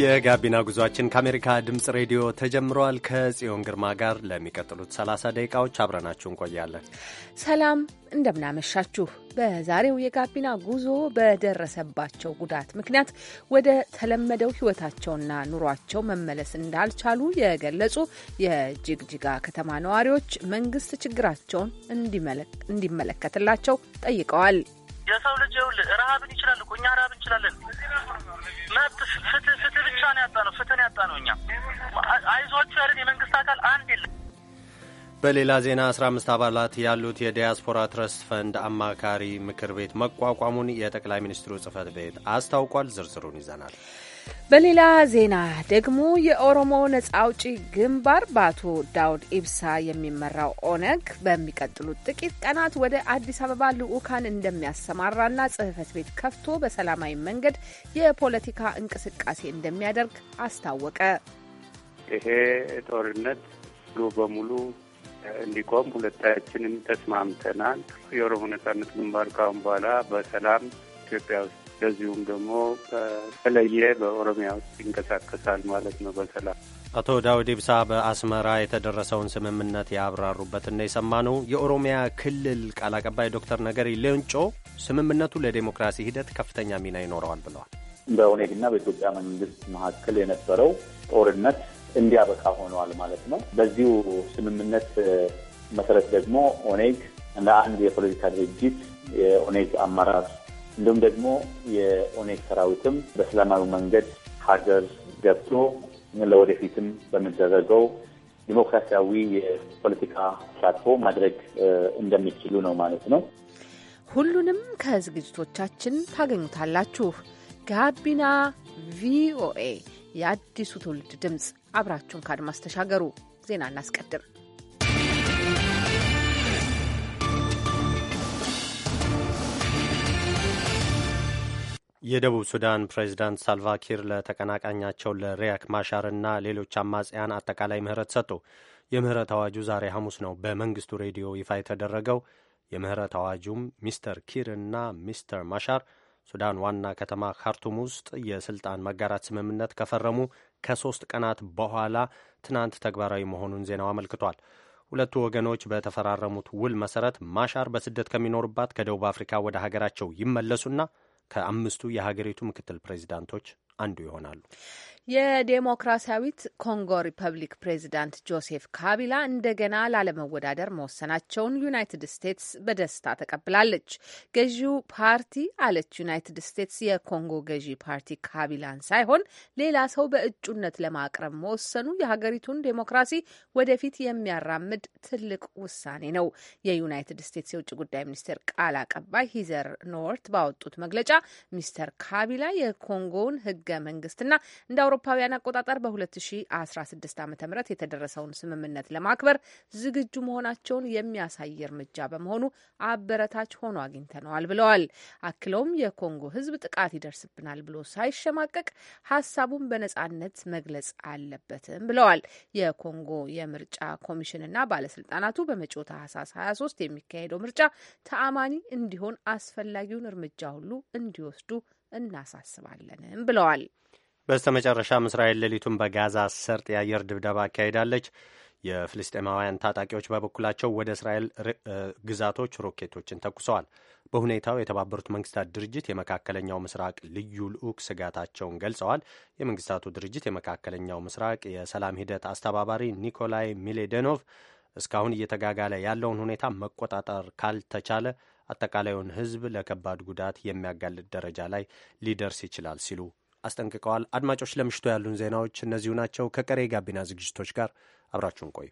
የጋቢና ጉዟችን ከአሜሪካ ድምፅ ሬዲዮ ተጀምሯል። ከጽዮን ግርማ ጋር ለሚቀጥሉት 30 ደቂቃዎች አብረናችሁ እንቆያለን። ሰላም እንደምናመሻችሁ። በዛሬው የጋቢና ጉዞ በደረሰባቸው ጉዳት ምክንያት ወደ ተለመደው ሕይወታቸውና ኑሯቸው መመለስ እንዳልቻሉ የገለጹ የጅግጅጋ ከተማ ነዋሪዎች መንግስት ችግራቸውን እንዲመለከትላቸው ጠይቀዋል። የሰው ልጅ ይኸውልህ ረሀብን ይችላል እኮ እኛ ረሀብ እንችላለን። መብት ፍትህ፣ ፍትህ ብቻ ነው ያጣ ነው። ፍትህን ያጣ ነው እኛ አይዞቹ ያለን የመንግስት አካል አንድ የለም። በሌላ ዜና 15 አባላት ያሉት የዲያስፖራ ትረስት ፈንድ አማካሪ ምክር ቤት መቋቋሙን የጠቅላይ ሚኒስትሩ ጽህፈት ቤት አስታውቋል። ዝርዝሩን ይዘናል። በሌላ ዜና ደግሞ የኦሮሞ ነጻ አውጪ ግንባር በአቶ ዳውድ ኢብሳ የሚመራው ኦነግ በሚቀጥሉት ጥቂት ቀናት ወደ አዲስ አበባ ልዑካን እንደሚያሰማራና ጽህፈት ቤት ከፍቶ በሰላማዊ መንገድ የፖለቲካ እንቅስቃሴ እንደሚያደርግ አስታወቀ። ይሄ ጦርነት ሙሉ በሙሉ እንዲቆም ሁለታችንም ተስማምተናል። የኦሮሞ ነጻነት ግንባር ካሁን በኋላ በሰላም ኢትዮጵያ ውስጥ እንደዚሁም ደግሞ በተለየ በኦሮሚያ ውስጥ ይንቀሳቀሳል ማለት ነው በሰላም አቶ ዳውድ ኢብሳ በአስመራ የተደረሰውን ስምምነት ያብራሩበትና የሰማነው የኦሮሚያ ክልል ቃል አቀባይ ዶክተር ነገሪ ሌንጮ ስምምነቱ ለዴሞክራሲ ሂደት ከፍተኛ ሚና ይኖረዋል ብለዋል። በኦነግና በኢትዮጵያ መንግስት መካከል የነበረው ጦርነት እንዲያበቃ ሆነዋል ማለት ነው። በዚሁ ስምምነት መሰረት ደግሞ ኦኔግ እንደ አንድ የፖለቲካ ድርጅት የኦኔግ አመራር እንዲሁም ደግሞ የኦኔግ ሰራዊትም በሰላማዊ መንገድ ሀገር ገብቶ ለወደፊትም በሚደረገው ዲሞክራሲያዊ የፖለቲካ ተሳትፎ ማድረግ እንደሚችሉ ነው ማለት ነው። ሁሉንም ከዝግጅቶቻችን ታገኙታላችሁ። ጋቢና ቪኦኤ የአዲሱ ትውልድ ድምፅ አብራችሁን ከአድማስ ተሻገሩ። ዜና እናስቀድም። የደቡብ ሱዳን ፕሬዚዳንት ሳልቫኪር ለተቀናቃኛቸው ለሪያክ ማሻርና ሌሎች አማጽያን አጠቃላይ ምህረት ሰጡ። የምህረት አዋጁ ዛሬ ሐሙስ ነው በመንግስቱ ሬዲዮ ይፋ የተደረገው። የምህረት አዋጁም ሚስተር ኪር እና ሚስተር ማሻር ሱዳን ዋና ከተማ ካርቱም ውስጥ የስልጣን መጋራት ስምምነት ከፈረሙ ከሶስት ቀናት በኋላ ትናንት ተግባራዊ መሆኑን ዜናው አመልክቷል። ሁለቱ ወገኖች በተፈራረሙት ውል መሰረት ማሻር በስደት ከሚኖሩባት ከደቡብ አፍሪካ ወደ ሀገራቸው ይመለሱና ከአምስቱ የሀገሪቱ ምክትል ፕሬዚዳንቶች አንዱ ይሆናሉ። የዴሞክራሲያዊት ኮንጎ ሪፐብሊክ ፕሬዚዳንት ጆሴፍ ካቢላ እንደገና ላለመወዳደር መወሰናቸውን ዩናይትድ ስቴትስ በደስታ ተቀብላለች። ገዢው ፓርቲ አለች ዩናይትድ ስቴትስ የኮንጎ ገዢ ፓርቲ ካቢላን ሳይሆን ሌላ ሰው በእጩነት ለማቅረብ መወሰኑ የሀገሪቱን ዴሞክራሲ ወደፊት የሚያራምድ ትልቅ ውሳኔ ነው። የዩናይትድ ስቴትስ የውጭ ጉዳይ ሚኒስቴር ቃል አቀባይ ሂዘር ኖርት ባወጡት መግለጫ ሚስተር ካቢላ የኮንጎውን ህገ መንግስትና እንደ አውሮፓውያን አቆጣጠር በ2016 ዓ ም የተደረሰውን ስምምነት ለማክበር ዝግጁ መሆናቸውን የሚያሳይ እርምጃ በመሆኑ አበረታች ሆኖ አግኝተነዋል ብለዋል። አክለውም የኮንጎ ሕዝብ ጥቃት ይደርስብናል ብሎ ሳይሸማቀቅ ሀሳቡን በነጻነት መግለጽ አለበትም ብለዋል። የኮንጎ የምርጫ ኮሚሽንና ባለስልጣናቱ በመጪው ታህሳስ 23 የሚካሄደው ምርጫ ተአማኒ እንዲሆን አስፈላጊውን እርምጃ ሁሉ እንዲወስዱ እናሳስባለንም ብለዋል። በስተ መጨረሻም እስራኤል ሌሊቱን በጋዛ ሰርጥ የአየር ድብደባ አካሄዳለች። የፍልስጤማውያን ታጣቂዎች በበኩላቸው ወደ እስራኤል ግዛቶች ሮኬቶችን ተኩሰዋል። በሁኔታው የተባበሩት መንግስታት ድርጅት የመካከለኛው ምስራቅ ልዩ ልዑክ ስጋታቸውን ገልጸዋል። የመንግስታቱ ድርጅት የመካከለኛው ምስራቅ የሰላም ሂደት አስተባባሪ ኒኮላይ ሚሌደኖቭ እስካሁን እየተጋጋለ ያለውን ሁኔታ መቆጣጠር ካልተቻለ አጠቃላዩን ሕዝብ ለከባድ ጉዳት የሚያጋልጥ ደረጃ ላይ ሊደርስ ይችላል ሲሉ አስጠንቅቀዋል። አድማጮች፣ ለምሽቱ ያሉን ዜናዎች እነዚሁ ናቸው። ከቀሬ ጋቢና ዝግጅቶች ጋር አብራችሁን ቆዩ።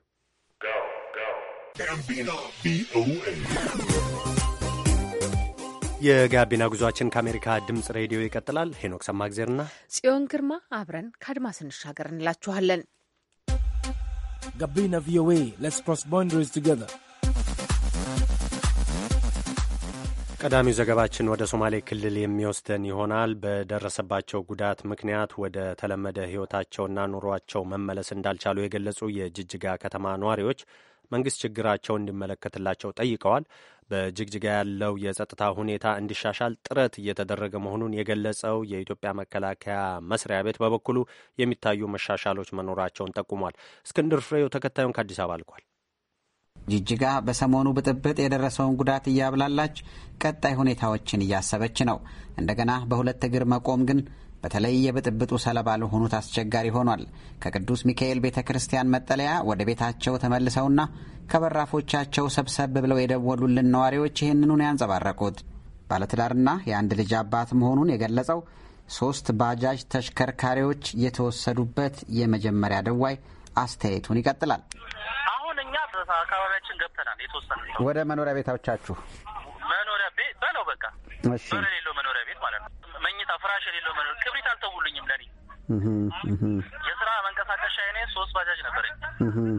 የጋቢና ጉዟችን ከአሜሪካ ድምፅ ሬዲዮ ይቀጥላል። ሄኖክ ሰማግዜርና ጽዮን ግርማ አብረን ከአድማስ እንሻገር እንላችኋለን። ጋቢና ቪኦኤ ሌትስ ክሮስ ቦንደሪስ ቱጌዘር ቀዳሚው ዘገባችን ወደ ሶማሌ ክልል የሚወስደን ይሆናል። በደረሰባቸው ጉዳት ምክንያት ወደ ተለመደ ሕይወታቸውና ኑሯቸው መመለስ እንዳልቻሉ የገለጹ የጅጅጋ ከተማ ነዋሪዎች መንግስት ችግራቸው እንዲመለከትላቸው ጠይቀዋል። በጅግጅጋ ያለው የጸጥታ ሁኔታ እንዲሻሻል ጥረት እየተደረገ መሆኑን የገለጸው የኢትዮጵያ መከላከያ መስሪያ ቤት በበኩሉ የሚታዩ መሻሻሎች መኖራቸውን ጠቁሟል። እስክንድር ፍሬው ተከታዩን ከአዲስ አበባ ልኳል። ጅጅጋ በሰሞኑ ብጥብጥ የደረሰውን ጉዳት እያብላላች ቀጣይ ሁኔታዎችን እያሰበች ነው። እንደገና በሁለት እግር መቆም ግን በተለይ የብጥብጡ ሰለባ ለሆኑት አስቸጋሪ ሆኗል። ከቅዱስ ሚካኤል ቤተ ክርስቲያን መጠለያ ወደ ቤታቸው ተመልሰውና ከበራፎቻቸው ሰብሰብ ብለው የደወሉልን ነዋሪዎች ይህንኑን ያንጸባረቁት ባለትዳርና የአንድ ልጅ አባት መሆኑን የገለጸው ሶስት ባጃጅ ተሽከርካሪዎች የተወሰዱበት የመጀመሪያ ደዋይ አስተያየቱን ይቀጥላል። አካባቢያችን ገብተናል። የተወሰነ ወደ መኖሪያ ቤታዎቻችሁ መኖሪያ ቤት በለው በቃ በር የሌለው መኖሪያ ቤት ማለት ነው። መኝታ ፍራሽ የሌለው መኖሪያ ክብሪት አልተውልኝም። ለኔ የስራ መንቀሳቀሻ የኔ ሶስት ባጃጅ ነበረኝ።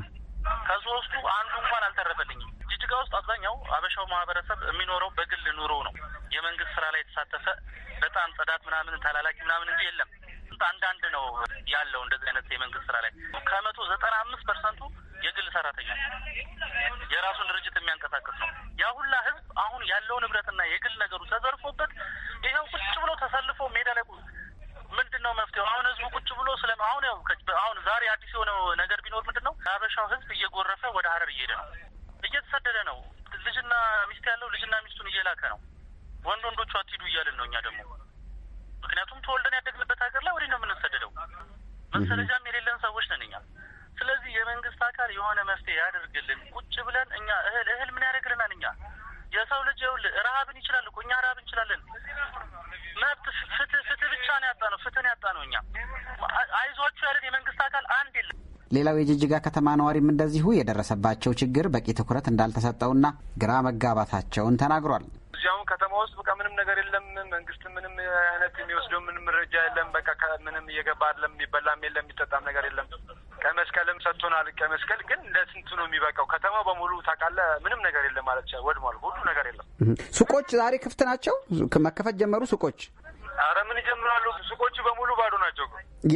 ከሶስቱ አንዱ እንኳን አልተረፈልኝም። ጅጅጋ ውስጥ አብዛኛው አበሻው ማህበረሰብ የሚኖረው በግል ኑሮ ነው። የመንግስት ስራ ላይ የተሳተፈ በጣም ጽዳት ምናምን ተላላኪ ምናምን እንጂ የለም። አንዳንድ ነው ያለው እንደዚህ አይነት የመንግስት ስራ ላይ ከመቶ ዘጠና አምስት ፐርሰንቱ የግል ሰራተኛ የራሱን ድርጅት የሚያንቀሳቀስ ነው። ያ ሁላ ህዝብ አሁን ያለው ንብረትና የግል ነገሩ ተዘርፎበት ይኸው ቁጭ ብሎ ተሰልፎ ሜዳ ላይ ምንድን ነው መፍትሄው? አሁን ህዝቡ ቁጭ ብሎ ስለ አሁን ያው አሁን ዛሬ አዲስ የሆነው ነገር ቢኖር ምንድን ነው የሀበሻው ህዝብ እየጎረፈ ወደ ሀረር እየሄደ ነው፣ እየተሰደደ ነው። ልጅና ሚስት ያለው ልጅና ሚስቱን እየላከ ነው። ወንድ ወንዶቹ አትሂዱ እያልን ነው እኛ ደግሞ ምክንያቱም ተወልደን ያደግንበት ሀገር ላይ ወዲህ ነው የምንሰደደው። መሰረጃም የሌለን ሰዎች ነን እኛ። ስለዚህ የመንግስት አካል የሆነ መፍትሄ ያደርግልን። ቁጭ ብለን እኛ እህል እህል ምን ያደርግልናል? እኛ የሰው ልጅ ይኸውልህ ረሀብን ይችላል እኮ እኛ ረሀብ እንችላለን። መብት ፍትህ ፍትህ ብቻ ነው ያጣ ነው ፍትህን ያጣ ነው እኛ አይዟችሁ ያለን የመንግስት አካል አንድ የለም። ሌላው የጅጅጋ ከተማ ነዋሪም እንደዚሁ የደረሰባቸው ችግር በቂ ትኩረት እንዳልተሰጠውና ግራ መጋባታቸውን ተናግሯል። እዚያው ከተማ ውስጥ በቃ ምንም ነገር የለም። መንግስት ምንም አይነት የሚወስደው ምንም መረጃ የለም። በቃ ምንም እየገባ አይደለም። የሚበላም የለም፣ የሚጠጣም ነገር የለም። ቀመስቀልም ሰጥቶናል። ቀመስቀል ግን ለስንቱ ነው የሚበቃው? ከተማ በሙሉ ታውቃለህ፣ ምንም ነገር የለም ማለት ይቻላል። ወድሟል፣ ሁሉ ነገር የለም። ሱቆች ዛሬ ክፍት ናቸው፣ መከፈት ጀመሩ ሱቆች። አረ ምን ይጀምራሉ? ሱቆቹ በሙሉ ባዶ ናቸው።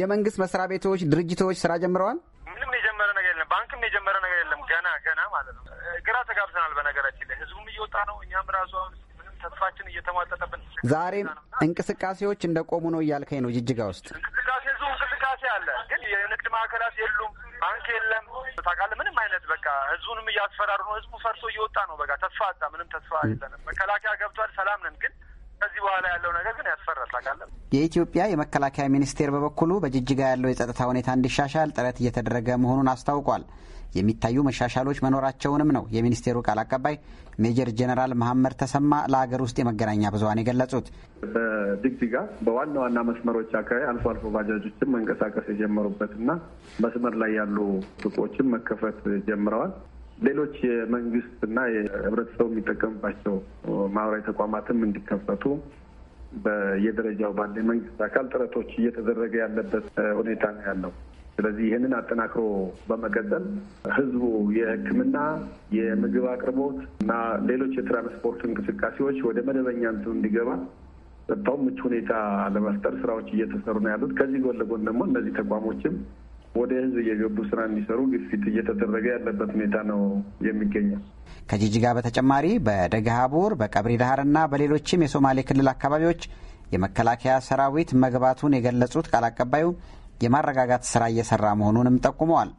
የመንግስት መስሪያ ቤቶች፣ ድርጅቶች ስራ ጀምረዋል። ምንም የጀመረ ነገር የለም። ባንክም የጀመረ ነገር የለም። ገና ገና ማለት ነው። ግራ ተጋብተናል። በነገራችን ላይ ህዝቡም እየወጣ ነው፣ እኛም ራሱ ተስፋችን እየተሟጠጠብን ዛሬም እንቅስቃሴዎች እንደቆሙ ነው እያልከኝ ነው ጅጅጋ ውስጥ አለ፣ ግን የንግድ ማዕከላት የሉም፣ ባንክ የለም። ታውቃለህ፣ ምንም አይነት በቃ ህዝቡንም እያስፈራሩ ነው። ህዝቡ ፈርሶ እየወጣ ነው። በቃ ተስፋ አጣ። ምንም ተስፋ የለንም። መከላከያ ገብቷል፣ ሰላም ነን ግን ከዚህ በኋላ ያለው ነገር ግን ያስፈራል። ታውቃለህ የኢትዮጵያ የመከላከያ ሚኒስቴር በበኩሉ በጅጅጋ ያለው የጸጥታ ሁኔታ እንዲሻሻል ጥረት እየተደረገ መሆኑን አስታውቋል። የሚታዩ መሻሻሎች መኖራቸውንም ነው የሚኒስቴሩ ቃል አቀባይ ሜጀር ጀነራል መሐመድ ተሰማ ለሀገር ውስጥ የመገናኛ ብዙሀን የገለጹት። በድግድጋ በዋና ዋና መስመሮች አካባቢ አልፎ አልፎ ባጃጆችም መንቀሳቀስ የጀመሩበትና መስመር ላይ ያሉ ሱቆችም መከፈት ጀምረዋል። ሌሎች የመንግስትና የህብረተሰቡ የሚጠቀምባቸው ማህበራዊ ተቋማትም እንዲከፈቱ በየደረጃው ባለ መንግስት አካል ጥረቶች እየተደረገ ያለበት ሁኔታ ነው ያለው። ስለዚህ ይህንን አጠናክሮ በመቀጠል ህዝቡ የህክምና የምግብ አቅርቦት እና ሌሎች የትራንስፖርት እንቅስቃሴዎች ወደ መደበኛ እንትኑ እንዲገባ ጸጥታው ምቹ ሁኔታ ለመፍጠር ስራዎች እየተሰሩ ነው ያሉት። ከዚህ ጎን ለጎን ደግሞ እነዚህ ተቋሞችም ወደ ህዝብ እየገቡ ስራ እንዲሰሩ ግፊት እየተደረገ ያለበት ሁኔታ ነው የሚገኘው። ከጂጂጋ በተጨማሪ በደገሃቡር በቀብሪ ዳህርና በሌሎችም የሶማሌ ክልል አካባቢዎች የመከላከያ ሰራዊት መግባቱን የገለጹት ቃል አቀባዩ የማረጋጋት ስራ እየሰራ መሆኑንም ጠቁመዋል።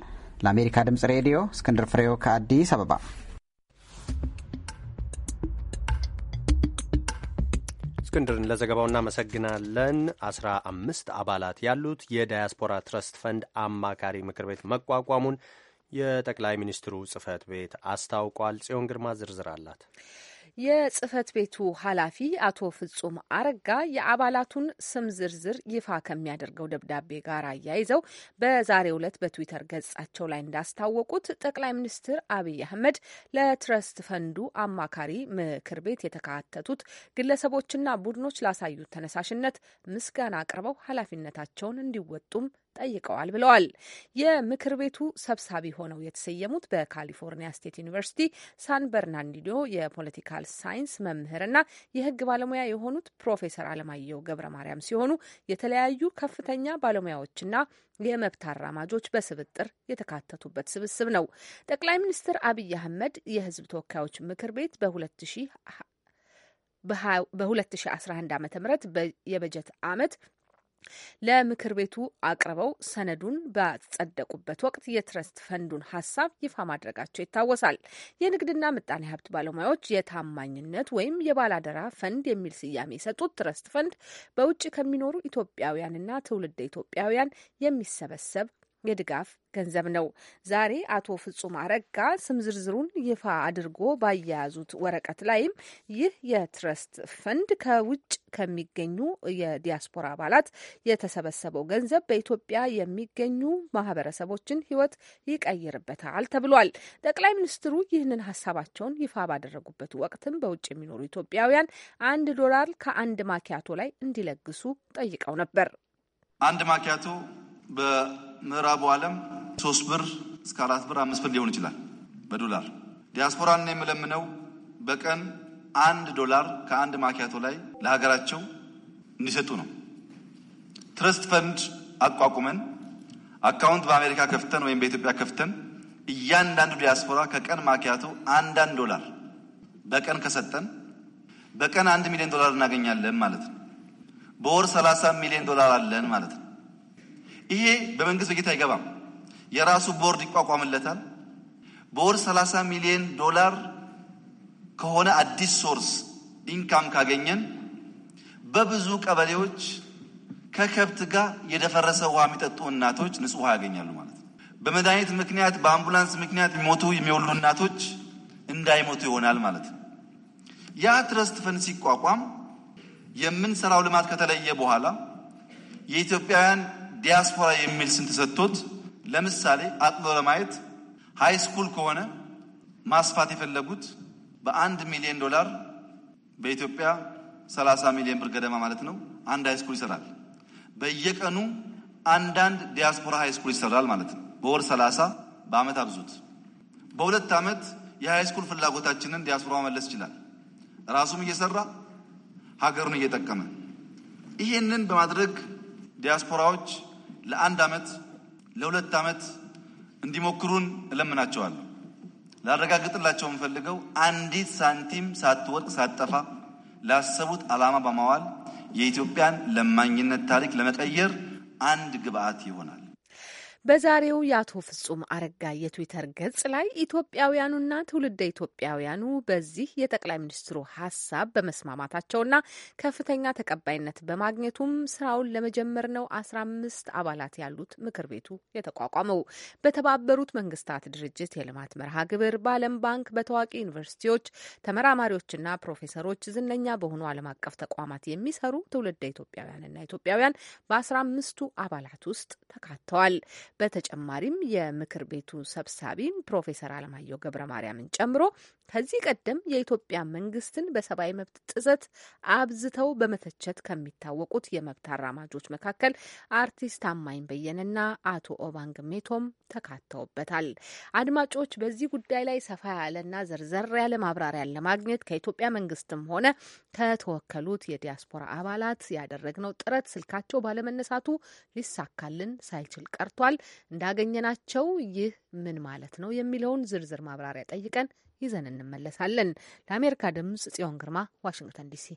ለአሜሪካ ድምጽ ሬዲዮ እስክንድር ፍሬው ከአዲስ አበባ። እስክንድርን ለዘገባው እናመሰግናለን። አስራ አምስት አባላት ያሉት የዳያስፖራ ትረስት ፈንድ አማካሪ ምክር ቤት መቋቋሙን የጠቅላይ ሚኒስትሩ ጽህፈት ቤት አስታውቋል። ጽዮን ግርማ ዝርዝር አላት። የጽህፈት ቤቱ ኃላፊ አቶ ፍጹም አረጋ የአባላቱን ስም ዝርዝር ይፋ ከሚያደርገው ደብዳቤ ጋር አያይዘው በዛሬው ዕለት በትዊተር ገጻቸው ላይ እንዳስታወቁት ጠቅላይ ሚኒስትር አብይ አህመድ ለትረስት ፈንዱ አማካሪ ምክር ቤት የተካተቱት ግለሰቦችና ቡድኖች ላሳዩት ተነሳሽነት ምስጋና አቅርበው ኃላፊነታቸውን እንዲወጡም ጠይቀዋል ብለዋል። የምክር ቤቱ ሰብሳቢ ሆነው የተሰየሙት በካሊፎርኒያ ስቴት ዩኒቨርሲቲ ሳን በርናንዲዶ የፖለቲካል ሳይንስ መምህርና የሕግ ባለሙያ የሆኑት ፕሮፌሰር አለማየሁ ገብረ ማርያም ሲሆኑ የተለያዩ ከፍተኛ ባለሙያዎችና የመብት አራማጆች በስብጥር የተካተቱበት ስብስብ ነው። ጠቅላይ ሚኒስትር አብይ አህመድ የህዝብ ተወካዮች ምክር ቤት በ2011 ዓ ም የበጀት ዓመት ለምክር ቤቱ አቅርበው ሰነዱን ባጸደቁበት ወቅት የትረስት ፈንዱን ሀሳብ ይፋ ማድረጋቸው ይታወሳል። የንግድና ምጣኔ ሀብት ባለሙያዎች የታማኝነት ወይም የባላደራ ፈንድ የሚል ስያሜ የሰጡት ትረስት ፈንድ በውጭ ከሚኖሩ ኢትዮጵያውያንና ትውልደ ኢትዮጵያውያን የሚሰበሰብ የድጋፍ ገንዘብ ነው። ዛሬ አቶ ፍጹም አረጋ ስም ዝርዝሩን ይፋ አድርጎ ባያያዙት ወረቀት ላይም ይህ የትረስት ፈንድ ከውጭ ከሚገኙ የዲያስፖራ አባላት የተሰበሰበው ገንዘብ በኢትዮጵያ የሚገኙ ማህበረሰቦችን ሕይወት ይቀይርበታል ተብሏል። ጠቅላይ ሚኒስትሩ ይህንን ሀሳባቸውን ይፋ ባደረጉበት ወቅትም በውጭ የሚኖሩ ኢትዮጵያውያን አንድ ዶላር ከአንድ ማኪያቶ ላይ እንዲለግሱ ጠይቀው ነበር። አንድ ማኪያቶ ምዕራቡ ዓለም ሶስት ብር እስከ አራት ብር አምስት ብር ሊሆን ይችላል በዶላር ዲያስፖራን የምለምነው በቀን አንድ ዶላር ከአንድ ማኪያቶ ላይ ለሀገራቸው እንዲሰጡ ነው። ትረስት ፈንድ አቋቁመን አካውንት በአሜሪካ ከፍተን ወይም በኢትዮጵያ ከፍተን እያንዳንዱ ዲያስፖራ ከቀን ማኪያቶ አንዳንድ ዶላር በቀን ከሰጠን በቀን አንድ ሚሊዮን ዶላር እናገኛለን ማለት ነው። በወር ሰላሳ ሚሊዮን ዶላር አለን ማለት ነው። ይሄ በመንግስት በጀት አይገባም። የራሱ ቦርድ ይቋቋምለታል። በወር 30 ሚሊዮን ዶላር ከሆነ አዲስ ሶርስ ኢንካም ካገኘን በብዙ ቀበሌዎች ከከብት ጋር የደፈረሰ ውሃ የሚጠጡ እናቶች ንጹህ ውሃ ያገኛሉ ማለት ነው። በመድኃኒት ምክንያት በአምቡላንስ ምክንያት የሚሞቱ የሚወሉ እናቶች እንዳይሞቱ ይሆናል ማለት ነው። ያ ትረስት ፈን ሲቋቋም የምንሰራው ልማት ከተለየ በኋላ የኢትዮጵያውያን ዲያስፖራ የሚል ስም ተሰጥቶት ለምሳሌ አጥሎ ለማየት ሃይ ስኩል ከሆነ ማስፋት የፈለጉት በአንድ ሚሊዮን ዶላር በኢትዮጵያ 30 ሚሊዮን ብር ገደማ ማለት ነው። አንድ ሃይ ስኩል ይሰራል። በየቀኑ አንዳንድ ዲያስፖራ ሃይ ስኩል ይሰራል ማለት ነው። በወር 30 በአመት አብዙት። በሁለት አመት የሃይ ስኩል ፍላጎታችንን ዲያስፖራ መመለስ ይችላል። ራሱም እየሰራ ሀገሩን እየጠቀመ ይህንን በማድረግ ዲያስፖራዎች ለአንድ ዓመት ለሁለት ዓመት እንዲሞክሩን እለምናቸዋለሁ። ላረጋግጥላቸው የምፈልገው አንዲት ሳንቲም ሳትወድቅ ሳትጠፋ ላሰቡት ዓላማ በማዋል የኢትዮጵያን ለማኝነት ታሪክ ለመቀየር አንድ ግብአት ይሆናል። በዛሬው የአቶ ፍጹም አረጋ የትዊተር ገጽ ላይ ኢትዮጵያውያኑና ትውልደ ኢትዮጵያውያኑ በዚህ የጠቅላይ ሚኒስትሩ ሀሳብ በመስማማታቸውና ከፍተኛ ተቀባይነት በማግኘቱም ስራውን ለመጀመር ነው አስራ አምስት አባላት ያሉት ምክር ቤቱ የተቋቋመው በተባበሩት መንግስታት ድርጅት የልማት መርሃ ግብር፣ በዓለም ባንክ፣ በታዋቂ ዩኒቨርሲቲዎች ተመራማሪዎችና ፕሮፌሰሮች፣ ዝነኛ በሆኑ ዓለም አቀፍ ተቋማት የሚሰሩ ትውልደ ኢትዮጵያውያንና ኢትዮጵያውያን በአስራ አምስቱ አባላት ውስጥ ተካተዋል። በተጨማሪም የምክር ቤቱ ሰብሳቢ ፕሮፌሰር አለማየሁ ገብረ ማርያምን ጨምሮ ከዚህ ቀደም የኢትዮጵያ መንግስትን በሰብአዊ መብት ጥሰት አብዝተው በመተቸት ከሚታወቁት የመብት አራማጆች መካከል አርቲስት ታማኝ በየነና አቶ ኦባንግ ሜቶም ተካተውበታል። አድማጮች በዚህ ጉዳይ ላይ ሰፋ ያለና ዘርዘር ያለ ማብራሪያን ለማግኘት ከኢትዮጵያ መንግስትም ሆነ ከተወከሉት የዲያስፖራ አባላት ያደረግነው ጥረት ስልካቸው ባለመነሳቱ ሊሳካልን ሳይችል ቀርቷል። እንዳገኘናቸው ይህ ምን ማለት ነው የሚለውን ዝርዝር ማብራሪያ ጠይቀን ይዘን እንመለሳለን። ለአሜሪካ ድምጽ ጽዮን ግርማ ዋሽንግተን ዲሲ።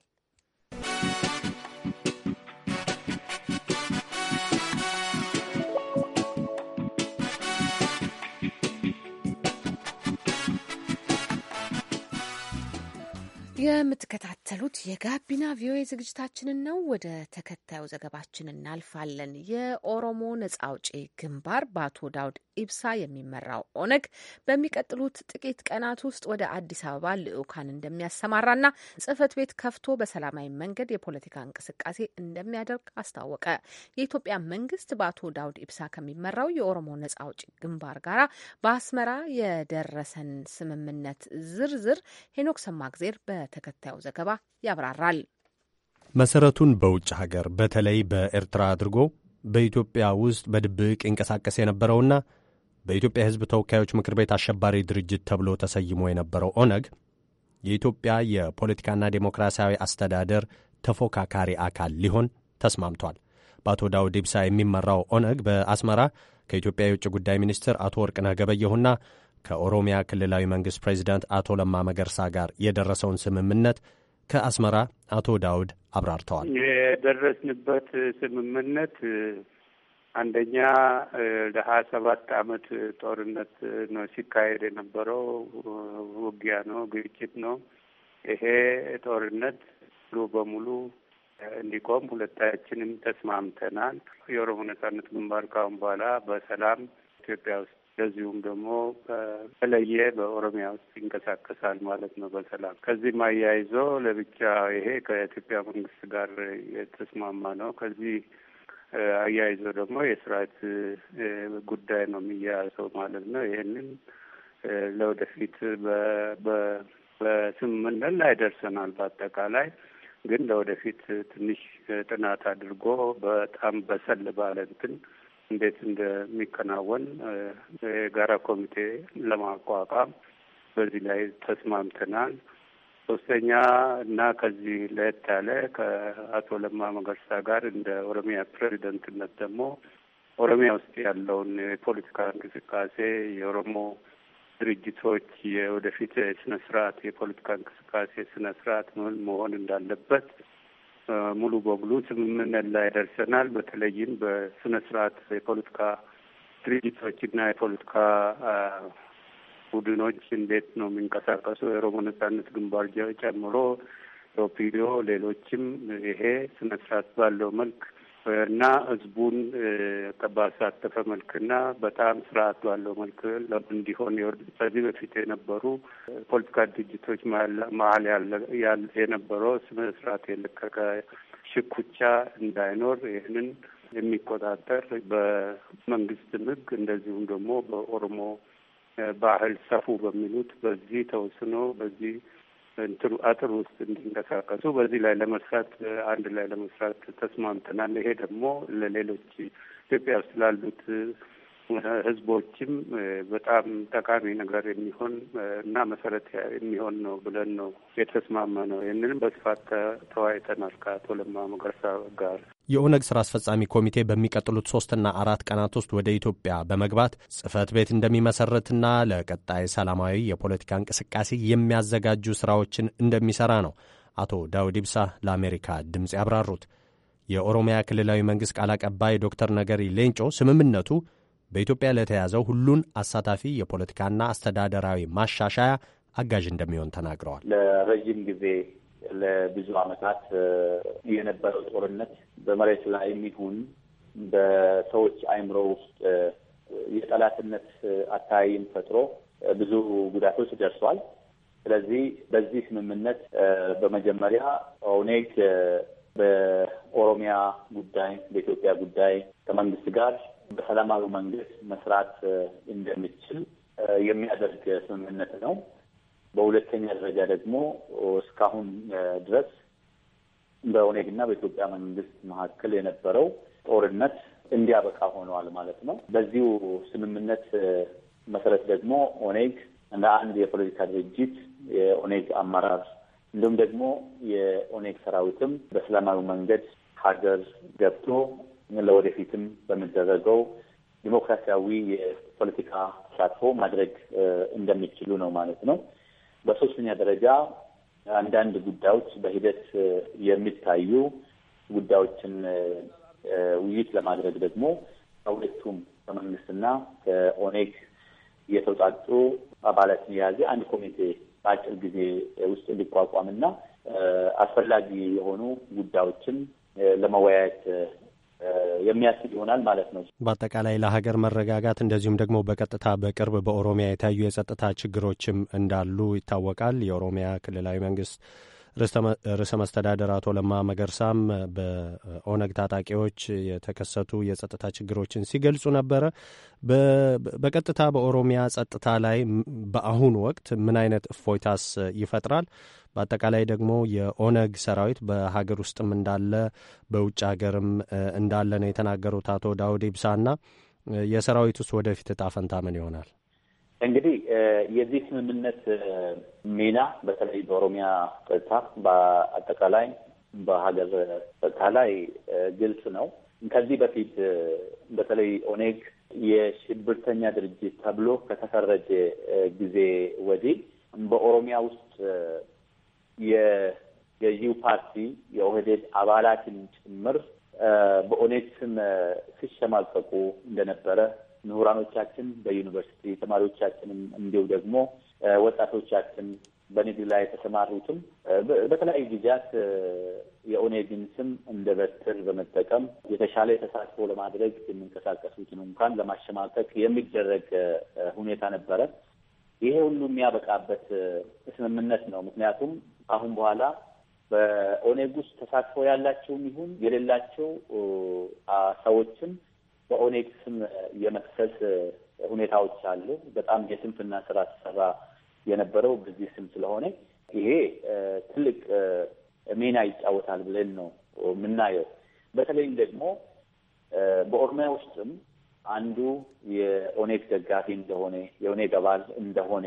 የምትከታተሉት የጋቢና ቪኦኤ ዝግጅታችንን ነው። ወደ ተከታዩ ዘገባችን እናልፋለን። የኦሮሞ ነጻ አውጪ ግንባር በአቶ ዳውድ ኢብሳ የሚመራው ኦነግ በሚቀጥሉት ጥቂት ቀናት ውስጥ ወደ አዲስ አበባ ልዑካን እንደሚያሰማራና ጽህፈት ቤት ከፍቶ በሰላማዊ መንገድ የፖለቲካ እንቅስቃሴ እንደሚያደርግ አስታወቀ። የኢትዮጵያ መንግስት በአቶ ዳውድ ኢብሳ ከሚመራው የኦሮሞ ነጻ አውጪ ግንባር ጋር በአስመራ የደረሰን ስምምነት ዝርዝር ሄኖክ ሰማግዜር በ በተከታዩ ዘገባ ያብራራል። መሰረቱን በውጭ ሀገር በተለይ በኤርትራ አድርጎ በኢትዮጵያ ውስጥ በድብቅ ይንቀሳቀስ የነበረውና በኢትዮጵያ ሕዝብ ተወካዮች ምክር ቤት አሸባሪ ድርጅት ተብሎ ተሰይሞ የነበረው ኦነግ የኢትዮጵያ የፖለቲካና ዴሞክራሲያዊ አስተዳደር ተፎካካሪ አካል ሊሆን ተስማምቷል። በአቶ ዳውድ ኢብሳ የሚመራው ኦነግ በአስመራ ከኢትዮጵያ የውጭ ጉዳይ ሚኒስትር አቶ ወርቅነህ ገበየሁና ከኦሮሚያ ክልላዊ መንግሥት ፕሬዚዳንት አቶ ለማ መገርሳ ጋር የደረሰውን ስምምነት ከአስመራ አቶ ዳውድ አብራርተዋል። የደረስንበት ስምምነት አንደኛ ለሀያ ሰባት አመት ጦርነት ነው ሲካሄድ የነበረው ውጊያ ነው፣ ግጭት ነው። ይሄ ጦርነት ሙሉ በሙሉ እንዲቆም ሁለታችንም ተስማምተናል። የኦሮሞ ነጻነት ግንባር ካሁን በኋላ በሰላም ኢትዮጵያ ውስጥ እንደዚሁም ደግሞ በተለየ በኦሮሚያ ውስጥ ይንቀሳቀሳል ማለት ነው በሰላም ከዚህም አያይዞ ለብቻ ይሄ ከኢትዮጵያ መንግስት ጋር የተስማማ ነው። ከዚህ አያይዞ ደግሞ የስርዓት ጉዳይ ነው የሚያያዘው ማለት ነው። ይህንን ለወደፊት በስምምነት ላይ ደርሰናል። በአጠቃላይ ግን ለወደፊት ትንሽ ጥናት አድርጎ በጣም በሰል ባለ እንትን እንዴት እንደሚከናወን የጋራ ኮሚቴ ለማቋቋም በዚህ ላይ ተስማምተናል። ሶስተኛ እና ከዚህ ለየት ያለ ከአቶ ለማ መገርሳ ጋር እንደ ኦሮሚያ ፕሬዚደንትነት ደግሞ ኦሮሚያ ውስጥ ያለውን የፖለቲካ እንቅስቃሴ የኦሮሞ ድርጅቶች የወደፊት ስነ ስርዓት የፖለቲካ እንቅስቃሴ ስነ ስርዓት መሆን እንዳለበት ሙሉ በሙሉ ስምምነት ላይ ደርሰናል። በተለይም በስነ ስርዓት የፖለቲካ ድርጅቶችና የፖለቲካ ቡድኖች እንዴት ነው የሚንቀሳቀሱ የኦሮሞ ነጻነት ግንባር ጨምሮ ኦፒዲዮ ሌሎችም ይሄ ስነ ስርዓት ባለው መልክ እና ህዝቡን ባሳተፈ መልክና በጣም ስርዓት ባለው መልክ እንዲሆን ከዚህ በፊት የነበሩ ፖለቲካ ድርጅቶች መሀል የነበረው ስነ ስርዓት የለቀቀ ሽኩቻ እንዳይኖር ይህንን የሚቆጣጠር በመንግስትም ህግ እንደዚሁም ደግሞ በኦሮሞ ባህል ሰፉ በሚሉት በዚህ ተወስኖ በዚህ እንትሩ አጥር ውስጥ እንዲንቀሳቀሱ በዚህ ላይ ለመስራት አንድ ላይ ለመስራት ተስማምተናል። ይሄ ደግሞ ለሌሎች ኢትዮጵያ ውስጥ ላሉት ህዝቦችም በጣም ጠቃሚ ነገር የሚሆን እና መሰረት የሚሆን ነው ብለን ነው የተስማማ ነው። ይህንንም በስፋት ተወያይተናል ከአቶ ለማ መገርሳ ጋር። የኦነግ ሥራ አስፈጻሚ ኮሚቴ በሚቀጥሉት ሦስትና አራት ቀናት ውስጥ ወደ ኢትዮጵያ በመግባት ጽፈት ቤት እንደሚመሰረትና ለቀጣይ ሰላማዊ የፖለቲካ እንቅስቃሴ የሚያዘጋጁ ሥራዎችን እንደሚሠራ ነው አቶ ዳውድ ኢብሳ ለአሜሪካ ድምፅ ያብራሩት። የኦሮሚያ ክልላዊ መንግሥት ቃል አቀባይ ዶክተር ነገሪ ሌንጮ ስምምነቱ በኢትዮጵያ ለተያዘው ሁሉን አሳታፊ የፖለቲካና አስተዳደራዊ ማሻሻያ አጋዥ እንደሚሆን ተናግረዋል። ለረዥም ጊዜ ለብዙ ዓመታት የነበረው ጦርነት በመሬት ላይ የሚሆን በሰዎች አይምሮ ውስጥ የጠላትነት አታያይን ፈጥሮ ብዙ ጉዳቶች ደርሷል። ስለዚህ በዚህ ስምምነት በመጀመሪያ ኦኔግ በኦሮሚያ ጉዳይ፣ በኢትዮጵያ ጉዳይ ከመንግስት ጋር በሰላማዊ መንገድ መስራት እንደሚችል የሚያደርግ ስምምነት ነው። በሁለተኛ ደረጃ ደግሞ እስካሁን ድረስ በኦኔግና በኢትዮጵያ መንግስት መካከል የነበረው ጦርነት እንዲያበቃ ሆነዋል ማለት ነው። በዚሁ ስምምነት መሰረት ደግሞ ኦኔግ እንደ አንድ የፖለቲካ ድርጅት የኦኔግ አመራር እንዲሁም ደግሞ የኦኔግ ሰራዊትም በሰላማዊ መንገድ ሀገር ገብቶ ለወደፊትም በሚደረገው ዲሞክራሲያዊ የፖለቲካ ተሳትፎ ማድረግ እንደሚችሉ ነው ማለት ነው። በሶስተኛ ደረጃ አንዳንድ ጉዳዮች በሂደት የሚታዩ ጉዳዮችን ውይይት ለማድረግ ደግሞ ከሁለቱም ከመንግስትና ከኦኔግ የተውጣጡ አባላትን የያዘ አንድ ኮሚቴ በአጭር ጊዜ ውስጥ እንዲቋቋምና አስፈላጊ የሆኑ ጉዳዮችን ለመወያየት የሚያስችል ይሆናል ማለት ነው። በአጠቃላይ ለሀገር መረጋጋት እንደዚሁም ደግሞ በቀጥታ በቅርብ በኦሮሚያ የታዩ የጸጥታ ችግሮችም እንዳሉ ይታወቃል። የኦሮሚያ ክልላዊ መንግስት ርዕሰ መስተዳደር አቶ ለማ መገርሳም በኦነግ ታጣቂዎች የተከሰቱ የጸጥታ ችግሮችን ሲገልጹ ነበረ። በቀጥታ በኦሮሚያ ጸጥታ ላይ በአሁኑ ወቅት ምን አይነት እፎይታስ ይፈጥራል? በአጠቃላይ ደግሞ የኦነግ ሰራዊት በሀገር ውስጥም እንዳለ በውጭ ሀገርም እንዳለ ነው የተናገሩት አቶ ዳውድ ኢብሳና የሰራዊት ውስጥ ወደፊት እጣ ፈንታ ምን ይሆናል? እንግዲህ የዚህ ስምምነት ሚና በተለይ በኦሮሚያ ጸጥታ፣ በአጠቃላይ በሀገር ጸጥታ ላይ ግልጽ ነው። ከዚህ በፊት በተለይ ኦኔግ የሽብርተኛ ድርጅት ተብሎ ከተፈረጀ ጊዜ ወዲህ በኦሮሚያ ውስጥ የገዢው ፓርቲ የኦህዴድ አባላትን ጭምር በኦኔት ስም ሲሸማቀቁ እንደነበረ ምሁራኖቻችን በዩኒቨርሲቲ ተማሪዎቻችንም እንዲሁ ደግሞ ወጣቶቻችን በንግድ ላይ የተሰማሩትም በተለያዩ ጊዜያት የኦኔግን ስም እንደ በትር በመጠቀም የተሻለ ተሳትፎ ለማድረግ የሚንቀሳቀሱትን እንኳን ለማሸማቀቅ የሚደረግ ሁኔታ ነበረ። ይሄ ሁሉ የሚያበቃበት ስምምነት ነው። ምክንያቱም አሁን በኋላ በኦኔግ ውስጥ ተሳትፎ ያላቸውም ይሁን የሌላቸው ሰዎችም በኦኔግ ስም የመክሰስ ሁኔታዎች አሉ። በጣም የስንፍና ስራ ሲሰራ የነበረው በዚህ ስም ስለሆነ ይሄ ትልቅ ሚና ይጫወታል ብለን ነው የምናየው። በተለይም ደግሞ በኦሮሚያ ውስጥም አንዱ የኦኔግ ደጋፊ እንደሆነ የኦኔግ አባል እንደሆነ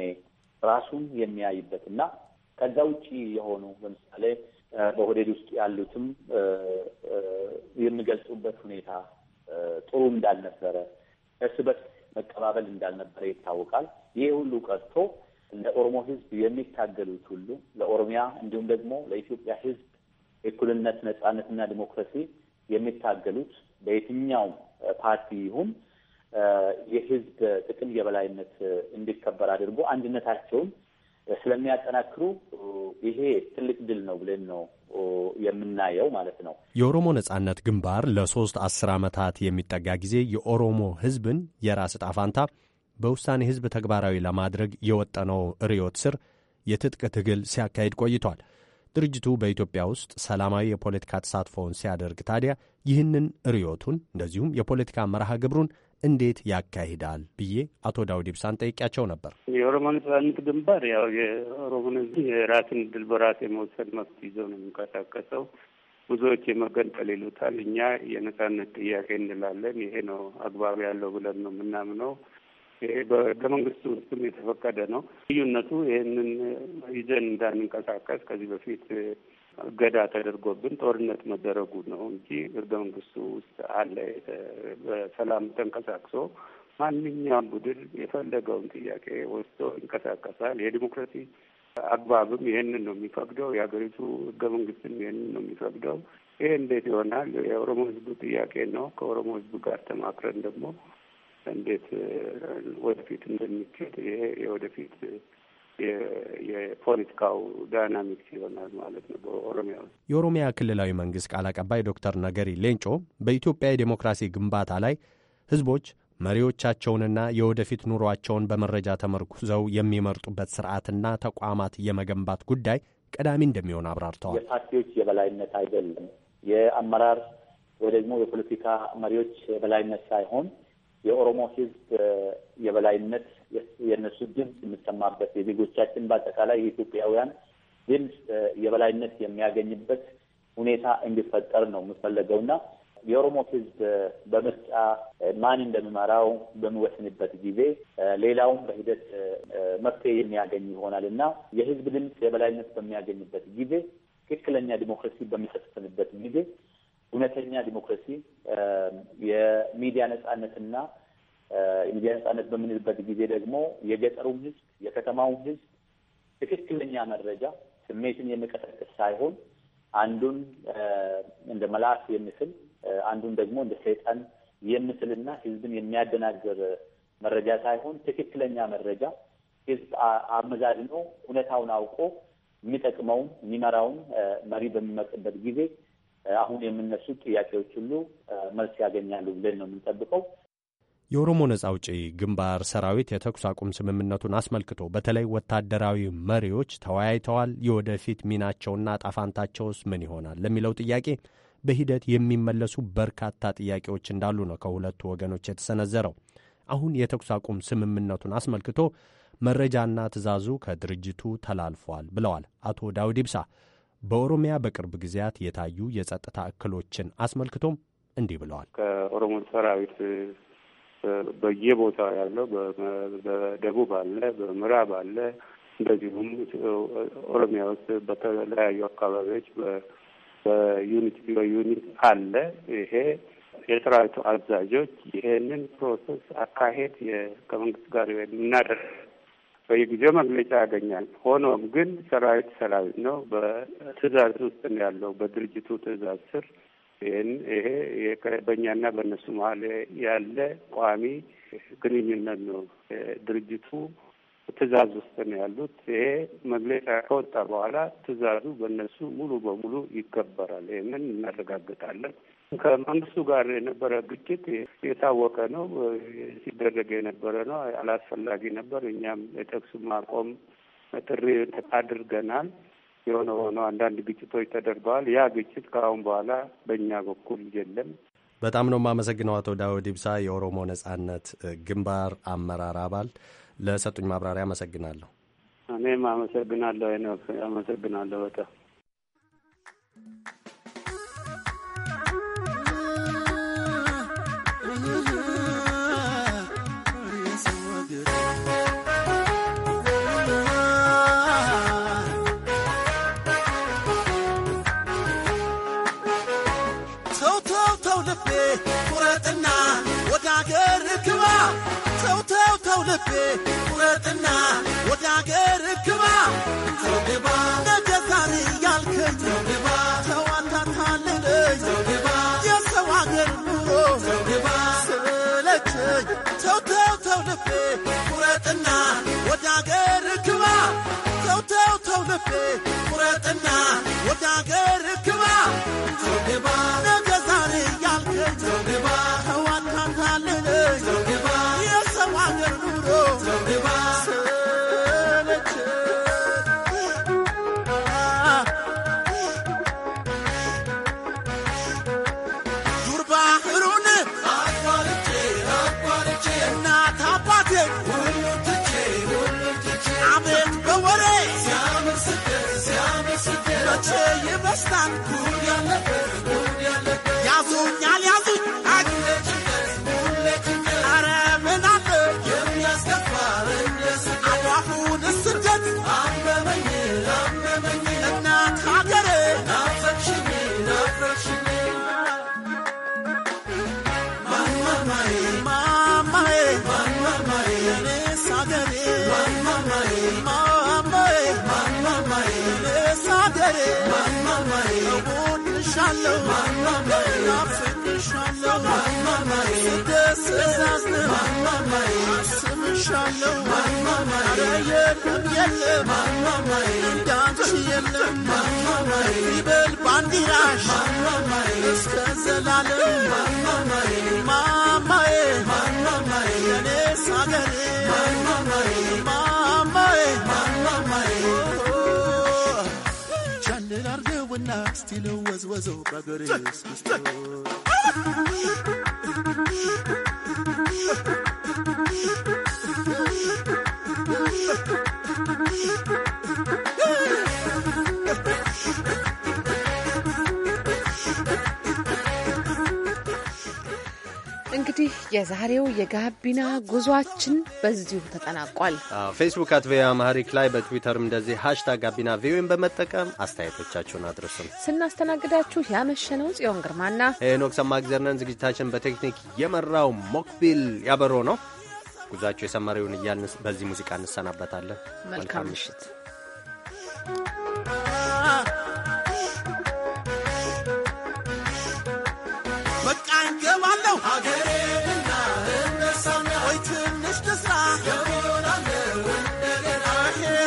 ራሱን የሚያይበት እና ከዛ ውጭ የሆኑ ለምሳሌ በሆዴድ ውስጥ ያሉትም የሚገልጹበት ሁኔታ ጥሩ እንዳልነበረ፣ እርስ በርስ መቀባበል እንዳልነበረ ይታወቃል። ይህ ሁሉ ቀርቶ ለኦሮሞ ሕዝብ የሚታገሉት ሁሉ ለኦሮሚያ እንዲሁም ደግሞ ለኢትዮጵያ ሕዝብ እኩልነት፣ ነጻነትና ዲሞክራሲ የሚታገሉት በየትኛው ፓርቲ ይሁን የሕዝብ ጥቅም የበላይነት እንዲከበር አድርጎ አንድነታቸውን ስለሚያጠናክሩ ይሄ ትልቅ ድል ነው ብለን ነው የምናየው ማለት ነው። የኦሮሞ ነጻነት ግንባር ለሶስት አስር ዓመታት የሚጠጋ ጊዜ የኦሮሞ ህዝብን የራስ ዕጣ በውሳኔ ህዝብ ተግባራዊ ለማድረግ የወጠነው ርዕዮት ስር የትጥቅ ትግል ሲያካሂድ ቆይቷል። ድርጅቱ በኢትዮጵያ ውስጥ ሰላማዊ የፖለቲካ ተሳትፎውን ሲያደርግ ታዲያ ይህንን ርዕዮቱን እንደዚሁም የፖለቲካ መርሃ ግብሩን እንዴት ያካሂዳል ብዬ አቶ ዳውድ ኢብሳን ጠይቄያቸው ነበር። የኦሮሞ ነጻነት ግንባር ያው የኦሮሞን ሕዝብ የራስን ድል በራስ የመውሰድ መብት ይዞ ነው የሚንቀሳቀሰው። ብዙዎች የመገንጠል ይሉታል። እኛ የነጻነት ጥያቄ እንላለን። ይሄ ነው አግባብ ያለው ብለን ነው የምናምነው። ይሄ በህገ መንግስቱ ውስጥም የተፈቀደ ነው። ልዩነቱ ይህንን ይዘን እንዳንንቀሳቀስ ከዚህ በፊት እገዳ ተደርጎብን ጦርነት መደረጉ ነው እንጂ ህገ መንግስቱ ውስጥ አለ። በሰላም ተንቀሳቅሶ ማንኛውም ቡድን የፈለገውን ጥያቄ ወስዶ ይንቀሳቀሳል። የዲሞክራሲ አግባብም ይህንን ነው የሚፈቅደው። የሀገሪቱ ህገ መንግስትም ይህንን ነው የሚፈቅደው። ይሄ እንዴት ይሆናል? የኦሮሞ ህዝቡ ጥያቄ ነው። ከኦሮሞ ህዝቡ ጋር ተማክረን ደግሞ እንዴት ወደፊት እንደሚችል ይሄ የወደፊት የፖለቲካው ዳይናሚክስ ይሆናል ማለት ነው። በኦሮሚያ ውስጥ የኦሮሚያ ክልላዊ መንግስት ቃል አቀባይ ዶክተር ነገሪ ሌንጮ በኢትዮጵያ የዴሞክራሲ ግንባታ ላይ ህዝቦች መሪዎቻቸውንና የወደፊት ኑሯቸውን በመረጃ ተመርኩዘው የሚመርጡበት ስርዓትና ተቋማት የመገንባት ጉዳይ ቀዳሚ እንደሚሆን አብራርተዋል። የፓርቲዎች የበላይነት አይደለም። የአመራር ወይ ደግሞ የፖለቲካ መሪዎች የበላይነት ሳይሆን የኦሮሞ ህዝብ የበላይነት የእነሱ ድምፅ የምሰማበት የዜጎቻችን በአጠቃላይ የኢትዮጵያውያን ድምፅ የበላይነት የሚያገኝበት ሁኔታ እንዲፈጠር ነው እና የኦሮሞ ህዝብ በምርጫ ማን እንደሚመራው በሚወስንበት ጊዜ ሌላውም በሂደት መፍትሄ የሚያገኝ ይሆናል እና የህዝብ ድምፅ የበላይነት በሚያገኝበት ጊዜ ትክክለኛ ዲሞክራሲ በሚሰፍንበት ጊዜ እውነተኛ ዲሞክራሲ፣ የሚዲያ ነጻነትና የሚዲያ ነጻነት በምንልበት ጊዜ ደግሞ የገጠሩ ህዝብ የከተማው ህዝብ ትክክለኛ መረጃ ስሜትን የሚቀሰቅስ ሳይሆን አንዱን እንደ መልአክ የምስል አንዱን ደግሞ እንደ ሰይጣን የምስልና ህዝብን የሚያደናግር መረጃ ሳይሆን ትክክለኛ መረጃ ህዝብ አመዛዝኖ እውነታውን አውቆ የሚጠቅመውን የሚመራውን መሪ በሚመርጥበት ጊዜ አሁን የምነሱት ጥያቄዎች ሁሉ መልስ ያገኛሉ ብለን ነው የምንጠብቀው። የኦሮሞ ነጻ አውጪ ግንባር ሰራዊት የተኩስ አቁም ስምምነቱን አስመልክቶ በተለይ ወታደራዊ መሪዎች ተወያይተዋል። የወደፊት ሚናቸውና ጣፋንታቸውስ ምን ይሆናል ለሚለው ጥያቄ በሂደት የሚመለሱ በርካታ ጥያቄዎች እንዳሉ ነው ከሁለቱ ወገኖች የተሰነዘረው። አሁን የተኩስ አቁም ስምምነቱን አስመልክቶ መረጃና ትዕዛዙ ከድርጅቱ ተላልፏል ብለዋል አቶ ዳውድ ኢብሳ። በኦሮሚያ በቅርብ ጊዜያት የታዩ የጸጥታ እክሎችን አስመልክቶም እንዲህ ብለዋል። ከኦሮሞ ሰራዊት በየቦታው ያለው በደቡብ አለ፣ በምዕራብ አለ። እንደዚሁም ኦሮሚያ ውስጥ በተለያዩ አካባቢዎች በዩኒት በዩኒት አለ። ይሄ የሰራዊቱ አዛዦች ይሄንን ፕሮሰስ አካሄድ ከመንግስት ጋር የምናደርግ በየጊዜው መግለጫ ያገኛል። ሆኖም ግን ሰራዊት ሰራዊት ነው። በትእዛዝ ውስጥ ነው ያለው፣ በድርጅቱ ትእዛዝ ስር ይህን ይሄ በእኛና በእነሱ መሀል ያለ ቋሚ ግንኙነት ነው። ድርጅቱ ትእዛዝ ውስጥ ነው ያሉት። ይሄ መግለጫ ከወጣ በኋላ ትእዛዙ በእነሱ ሙሉ በሙሉ ይከበራል። ይህንን እናረጋግጣለን። ከመንግስቱ ጋር የነበረ ግጭት የታወቀ ነው፣ ሲደረግ የነበረ ነው። አላስፈላጊ ነበር። እኛም የተኩስ ማቆም ጥሪ አድርገናል። የሆነ ሆኖ አንዳንድ ግጭቶች ተደርገዋል። ያ ግጭት ከአሁን በኋላ በእኛ በኩል የለም። በጣም ነው የማመሰግነው አቶ ዳውድ ኢብሳ የኦሮሞ ነጻነት ግንባር አመራር አባል ለሰጡኝ ማብራሪያ አመሰግናለሁ። እኔም አመሰግናለሁ። አይነ አመሰግናለሁ በጣም ልቤ ቁረጥና ወደ አገር ክባ ነገዛን ያልከኝ ሰው የሰው አገር ኑሮ ስለቸኝ ተው ተው ተው ልቤ ቁረጥና ወደ አገር ክባ ተው ተው ወደ አገር Let's አለው ናፍቅሻለው ስትስዛዝን አስብሻለው ኧረ የለም የለም እንዳንቺ የለም ይበል ባንዲራሽ እስከ ዘላለም ማማዬ የኔስ አገሬ still I not, still was, was oh, got is. Thank እንግዲህ የዛሬው የጋቢና ጉዟችን በዚሁ ተጠናቋል። ፌስቡክ አት ቪኦኤ አማሪክ ላይ በትዊተርም እንደዚህ ሀሽታግ ጋቢና ቪኦኤን በመጠቀም አስተያየቶቻችሁን አድርሱን። ስናስተናግዳችሁ ያመሸነው ጽዮን ግርማና ሄኖክ ሰማግዘርነን፣ ዝግጅታችን በቴክኒክ የመራው ሞክቢል ያበሮ ነው። ጉዟችሁ የሰመሪውን እያልን በዚህ ሙዚቃ እንሰናበታለን። መልካም ምሽት። How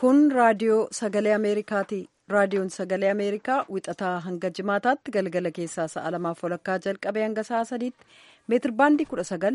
Kun raadiyoo sagalee Ameerikaati. Raadiyoon sagalee Ameerikaa wixataa hanga jimaataatti galgala keessaa sa'a lamaaf walakkaa jalqabee hanga sa'a sadiitti meetir baandii